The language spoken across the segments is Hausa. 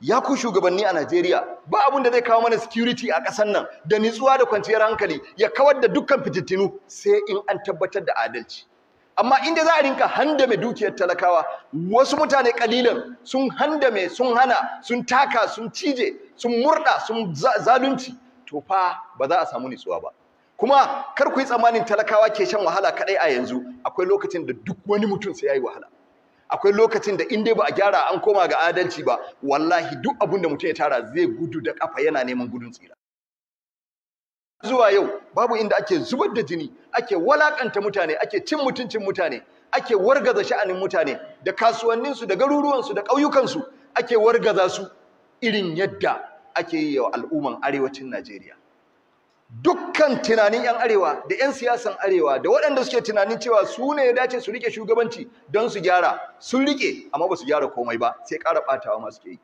ya ku shugabanni a Najeriya ba abin da zai kawo mana security a ƙasar nan da nitsuwa da kwanciyar hankali ya kawar da dukkan fitittunu sai in an tabbatar da adalci amma inda za a rinka handame dukiyar talakawa wasu mutane kalilan sun handame sun hana sun taka sun cije sun murda sun zalunci to fa ba za a samu nitsuwa ba kuma kar ku yi tsammanin talakawa ke shan wahala kadai a yanzu akwai lokacin da duk wani mutum sai yayi wahala akwai lokacin da in dai ba a gyara an koma ga adalci ba wallahi duk abin da mutum ya tara zai gudu da kafa yana neman gudun tsira zuwa yau babu inda ake zubar da jini ake walakanta mutane ake cin mutuncin mutane ake wargaza sha'anin mutane da kasuwannin su da garuruwansu da ƙauyukansu ake wargaza su irin yadda ake yi wa al'umman arewacin Najeriya dukkan tunanin 'yan arewa da 'yan siyasan arewa da waɗanda suke tunanin cewa su ne ya dace su rike shugabanci don su gyara sun rike amma ba su gyara komai ba sai ƙara ɓatawa masu ke yi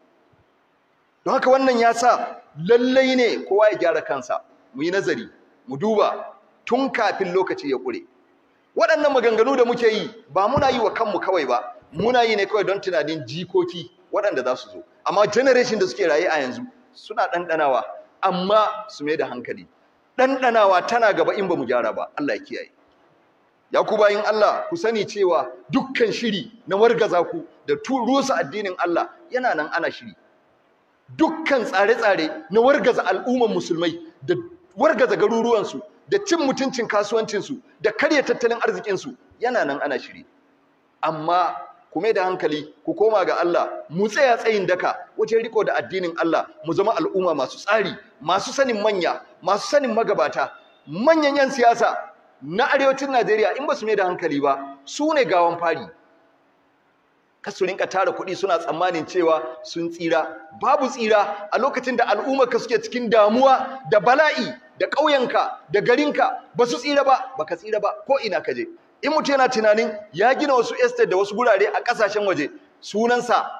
don haka wannan ya sa lallai ne kowa ya gyara kansa mu yi nazari mu duba tun kafin lokaci ya ƙure waɗannan maganganu da muke yi ba muna yi wa kanmu kawai ba muna yi ne kawai don tunanin jikoki waɗanda za su zo amma generation da suke raye a yanzu suna ɗanɗanawa amma su mai da hankali ɗanɗanawa tana gaba in ba mu gyara ba Allah ya kiyaye ya ku Allah ku sani cewa dukkan shiri na wargaza ku da rusa addinin Allah yana nan ana shiri dukkan tsare-tsare na wargaza al'umman musulmai da wargaza garuruwansu da cin mutuncin kasuwancinsu da karya tattalin arzikinsu yana nan ana shiri amma ku mai da hankali ku koma ga Allah mu tsaya tsayin daka wajen riko da addinin Allah mu zama al'umma masu tsari masu sanin manya masu sanin magabata manyan yan siyasa na arewacin Najeriya in ba su mai da hankali ba su ne gawan fari kasu rinka tara kuɗi suna tsammanin cewa sun tsira babu tsira a lokacin da al'umma ka suke cikin damuwa da bala'i da ƙauyenka da garinka ba su tsira ba baka tsira ba ko ina ka je in mutum yana tunanin ya gina wasu estate da wasu gurare a kasashen waje sunansa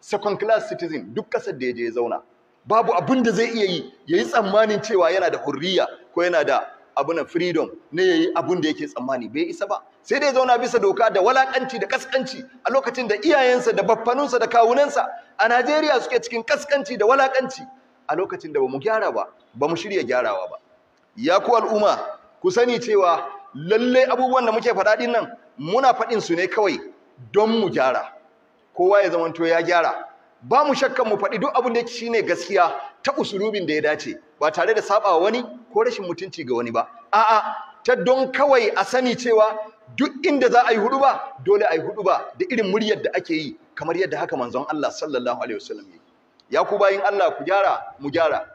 second class citizen duk kasar da ya je ya zauna babu abin da zai iya yi ya yi tsammanin cewa yana da hurriya ko yana da abu na freedom ne yayi abun da yake tsammani bai isa ba sai dai zauna bisa doka da walakanci da kaskanci a lokacin da iyayensa da baffanunsa da kawunansa a Najeriya suke cikin kaskanci da walakanci a lokacin da bamu gyara ba bamu shirya gyarawa ba ya ku al'umma ku sani cewa lalle abubuwan da muke faɗa din nan muna faɗin su ne kawai don mu gyara kowa ya zamanto ya gyara ba mu shakkan mu faɗi duk abin da yake shine gaskiya ta usulubin da ya dace ba tare da saba wani ko rashin mutunci ga wani ba a'a ta don kawai a sani cewa duk inda za a yi hudu ba dole a yi hudu ba da irin muryar da ake yi kamar yadda haka manzon Allah sallallahu alaihi wasallam ya ku bayin Allah ku gyara mu gyara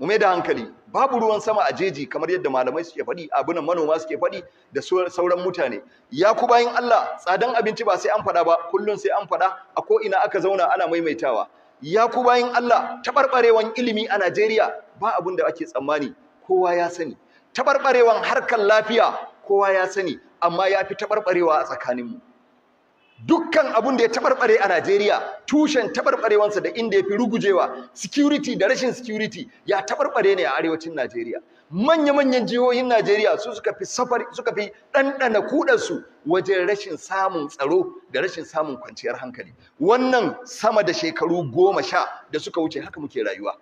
mu mai da hankali babu ruwan sama a jeji kamar yadda malamai suke faɗi abunan manoma suke faɗi da sauran mutane ya ku bayin Allah tsadan abinci ba sai an faɗa ba kullun sai an faɗa a ko ina aka zauna ana maimaitawa ya ku bayin Allah tabarbarewan ilimi a Najeriya ba abun da ake tsammani kowa ya sani tabarbarewan harkar lafiya kowa ya sani amma ya fi tabarbarewa a tsakaninmu dukkan abun da ya tabarbare a Najeriya tushen tabarbarewansa da inda ya fi rugujewa security da rashin security ya tabarbare ne a arewacin Najeriya manya-manyan jihohin Najeriya su suka fi safar suka fi su wajen rashin samun tsaro da rashin samun kwanciyar hankali wannan sama da shekaru goma sha da suka wuce haka muke rayuwa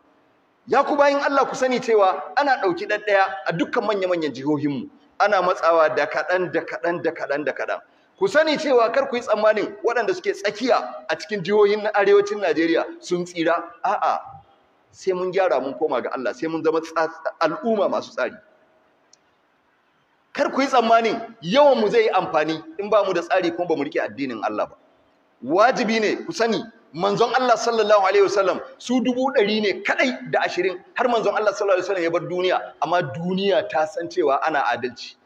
ya ku bayin Allah ku sani cewa ana ɗauki ɗaya a dukkan manya-manyan jihohinmu ana matsawa da kaɗan da kaɗan da kaɗan da kaɗan ku sani cewa kar ku yi tsammanin waɗanda suke tsakiya a cikin jihohin na arewacin Najeriya sun tsira a'a sai mun gyara mun koma ga Allah sai mun zama al'umma masu tsari kar ku yi tsammanin yawan mu zai yi amfani in ba mu da tsari kuma ba mu rike addinin Allah ba wajibi ne ku sani manzon Allah sallallahu alaihi wasallam su dubu ɗari ne kaɗai da ashirin har manzon Allah sallallahu alaihi wasallam ya bar duniya amma duniya ta san cewa ana adalci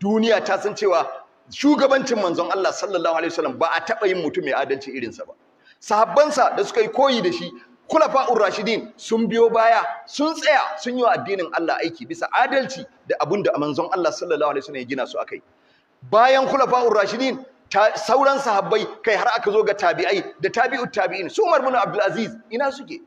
duniya ta san cewa shugabancin manzon Allah sallallahu alaihi wasallam ba a taɓa yin mutum mai adalci irinsa ba sahabbansa da suka yi koyi da shi Kulafa rashidin sun biyo baya sun tsaya sun yi addinin Allah aiki bisa adalci da abunda da manzon Allah sallallahu alaihi wasallam ya gina su akai bayan Kulafa rashidin sauran sahabbai kai har aka zo ga tabi'ai da tabi'ut tabi'in su Umar ibn Abdul Aziz ina suke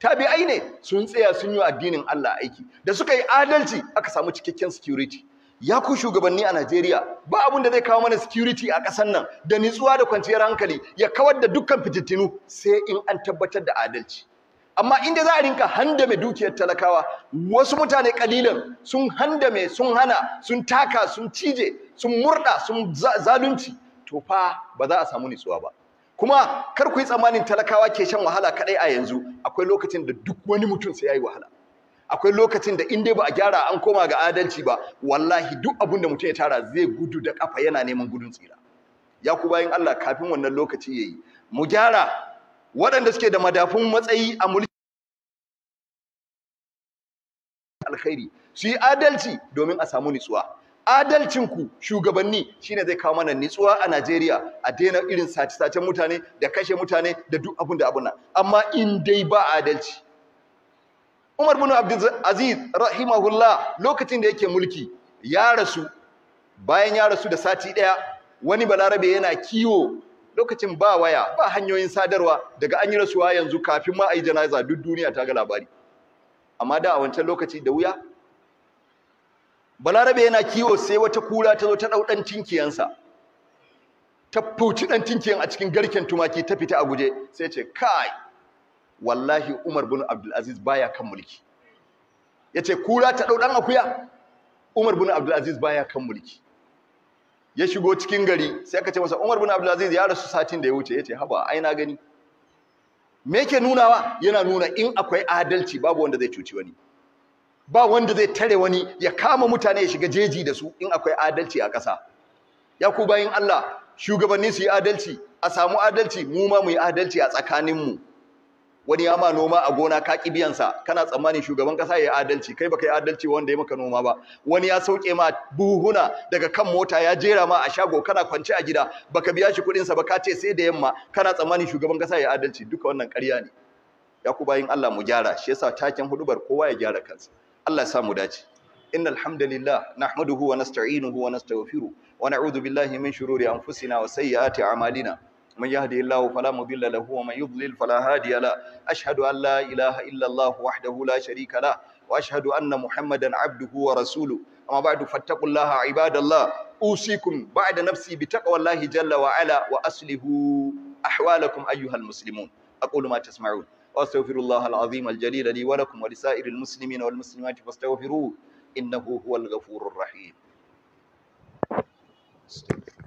tabi'ai ne sun tsaya sun yi addinin Allah aiki da suka yi adalci aka samu cikakken security ya ku shugabanni a Najeriya ba abin da zai kawo mana security a ƙasar nan da nitsuwa da kwanciyar hankali ya kawar da dukkan fitittunu sai in an tabbatar da adalci amma inda za a rinka handame dukiyar talakawa wasu mutane kalilan sun handame sun hana sun taka sun cije sun murda sun zalunci to fa ba za a samu nitsuwa ba kuma kar ku yi tsammanin talakawa ke shan wahala kadai a yanzu akwai lokacin da duk wani mutum sai yayi wahala akwai lokacin da in dai ba a gyara an koma ga adalci ba wallahi duk abin da mutum ya tara zai gudu da kafa yana neman gudun tsira ya ku bayin Allah kafin wannan lokaci yi. mu gyara waɗanda suke da madafun matsayi a mulki alkhairi su yi adalci domin a samu nitsuwa ku, shugabanni shine zai kawo mana nitsuwa a Najeriya a daina irin sace-sacen mutane da kashe mutane da duk abin da abuna amma in dai ba adalci Umar bin Abdul Aziz rahimahullah lokacin da yake mulki ya rasu bayan ya rasu da sati daya wani balarabe yana kiwo lokacin ba waya ba hanyoyin sadarwa daga an yi rasuwa yanzu kafin ma ayi janaza duk duniya ta ga labari amma da a wancan lokaci da wuya balarabe yana kiwo sai wata kura ta zo ta dau dan tinkiyansa ta fuci dan tinkiyan a cikin garken tumaki ta fita a guje sai ce kai wallahi Umar bin Abdul Aziz baya kan mulki yace kura ta dau dan akuya Umar bin Abdul Aziz baya kan mulki ya shigo cikin gari sai aka ce masa Umar bin Abdul Aziz ya rasu satin da ya wuce yace haba ai na gani me yake nunawa yana nuna in akwai adalci babu wanda zai cuci wani ba wanda zai tare wani ya kama mutane ya shiga jeji da su in akwai adalci a ƙasa ya ku bayin Allah shugabanni su yi adalci a samu adalci mu ma mu yi adalci a tsakaninmu wani ya ma noma a gona ka ki biyan sa kana tsammanin shugaban kasa ya adalci kai baka yi adalci wanda ya maka noma ba wani ya sauke ma buhuna daga kan mota ya jera ma a shago kana kwance a gida baka biya shi kudin sa ba ka ce sai da yamma kana tsammanin shugaban kasa ya adalci duka wannan ƙarya ne ya ku bayin Allah mu gyara shi yasa taken hudubar kowa ya gyara kansa Allah ya sa mu dace innal hamdalillah nahmaduhu wa nasta'inuhu wa nastaghfiruh wa na'udhu billahi min shururi anfusina wa sayyiati a'malina من يهدي الله فلا مضل له ومن يضلل فلا هادي له أشهد أن لا إله إلا الله وحده لا شريك له وأشهد أن محمدا عبده ورسوله أما بعد فاتقوا الله عباد الله أوصيكم بعد نفسي بتقوى الله جل وعلا وأصله أحوالكم أيها المسلمون أقول ما تسمعون وأستغفر الله العظيم الجليل لي ولكم ولسائر المسلمين والمسلمات فاستغفروه إنه هو الغفور الرحيم Stupid.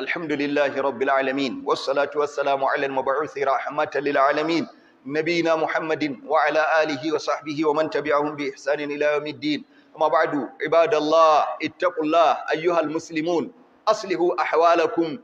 الحمد لله رب العالمين والصلاة والسلام على المبعوث رحمة للعالمين نبينا محمد وعلى آله وصحبه ومن تبعهم بإحسان إلى يوم الدين أما بعد عباد الله اتقوا الله أيها المسلمون أصلحوا أحوالكم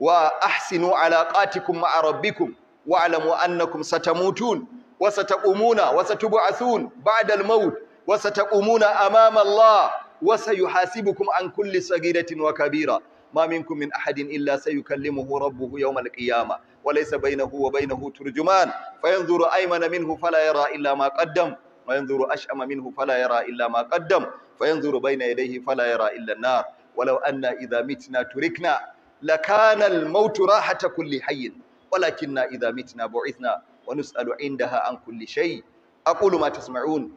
وأحسنوا علاقاتكم مع ربكم واعلموا أنكم ستموتون وستقومون وستبعثون بعد الموت وستقومون أمام الله وسيحاسبكم عن كل صغيرة وكبيرة ما منكم من أحد إلا سيكلمه ربه يوم القيامة وليس بينه وبينه ترجمان فينظر أيمن منه فلا يرى إلا ما قدم وينظر أشأم منه فلا يرى إلا ما قدم فينظر بين يديه فلا يرى إلا النار ولو أن إذا متنا تركنا لكان الموت راحة كل حي ولكننا إذا متنا بعثنا ونسأل عندها عن كل شيء أقول ما تسمعون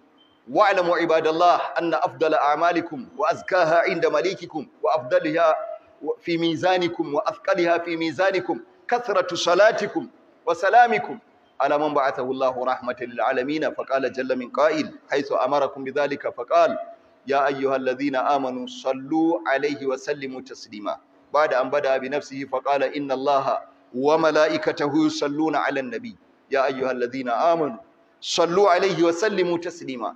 واعلموا عباد الله أن أفضل أعمالكم وأزكاها عند مليككم وأفضلها في ميزانكم وأثقلها في ميزانكم كثرة صلاتكم وسلامكم على من بعثه الله رحمة للعالمين فقال جل من قائل حيث أمركم بذلك فقال يا أيها الذين آمنوا صلوا عليه وسلموا تسليما بعد أن بدأ بنفسه فقال إن الله وملائكته يصلون على النبي يا أيها الذين آمنوا صلوا عليه وسلموا تسليما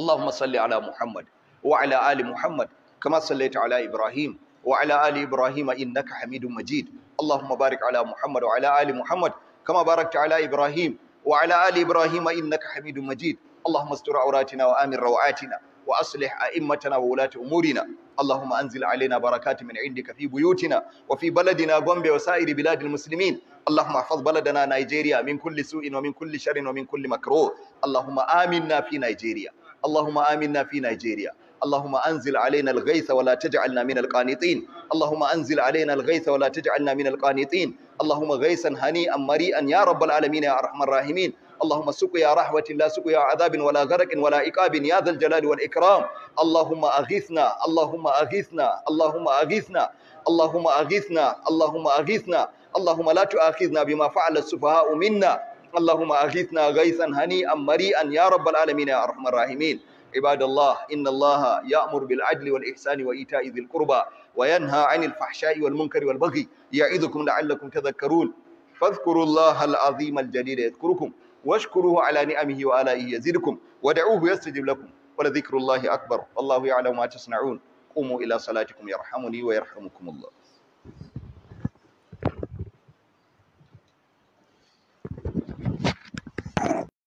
اللهم صل على محمد وعلى آل محمد كما صليت على إبراهيم وعلى آل إبراهيم إنك حميد مجيد اللهم بارك على محمد وعلى آل محمد كما باركت على إبراهيم وعلى آل إبراهيم إنك حميد مجيد اللهم استر عوراتنا وآمن روعاتنا وأصلح أئمتنا وولاة أمورنا اللهم أنزل علينا بركات من عندك في بيوتنا وفي بلدنا غومبي وسائر بلاد المسلمين اللهم احفظ بلدنا نيجيريا من كل سوء ومن كل شر ومن كل مكروه اللهم آمنا في نيجيريا اللهم آمنا في نيجيريا اللهم أنزل علينا الغيث ولا تجعلنا من القانطين اللهم أنزل علينا الغيث ولا تجعلنا من القانطين اللهم غيثا هنيئا مريئا يا رب العالمين يا أرحم الراحمين اللهم سقيا رحمة لا سقيا عذاب ولا غرق ولا إكاب يا ذا الجلال والإكرام اللهم أغثنا اللهم أغثنا اللهم أغثنا اللهم أغثنا اللهم أغثنا اللهم لا تؤاخذنا بما فعل السفهاء منا اللهم أغثنا غيثا هنيئا مريئا يا رب العالمين يا أرحم الراحمين عباد الله إن الله يأمر بالعدل والإحسان وإيتاء ذي القربى وينهى عن الفحشاء والمنكر والبغي يعظكم لعلكم تذكرون فاذكروا الله العظيم الجليل يذكركم واشكروه على نعمه وآلائه يزدكم ودعوه يستجب لكم ولذكر الله أكبر والله يعلم ما تصنعون قوموا إلى صلاتكم يرحمني ويرحمكم الله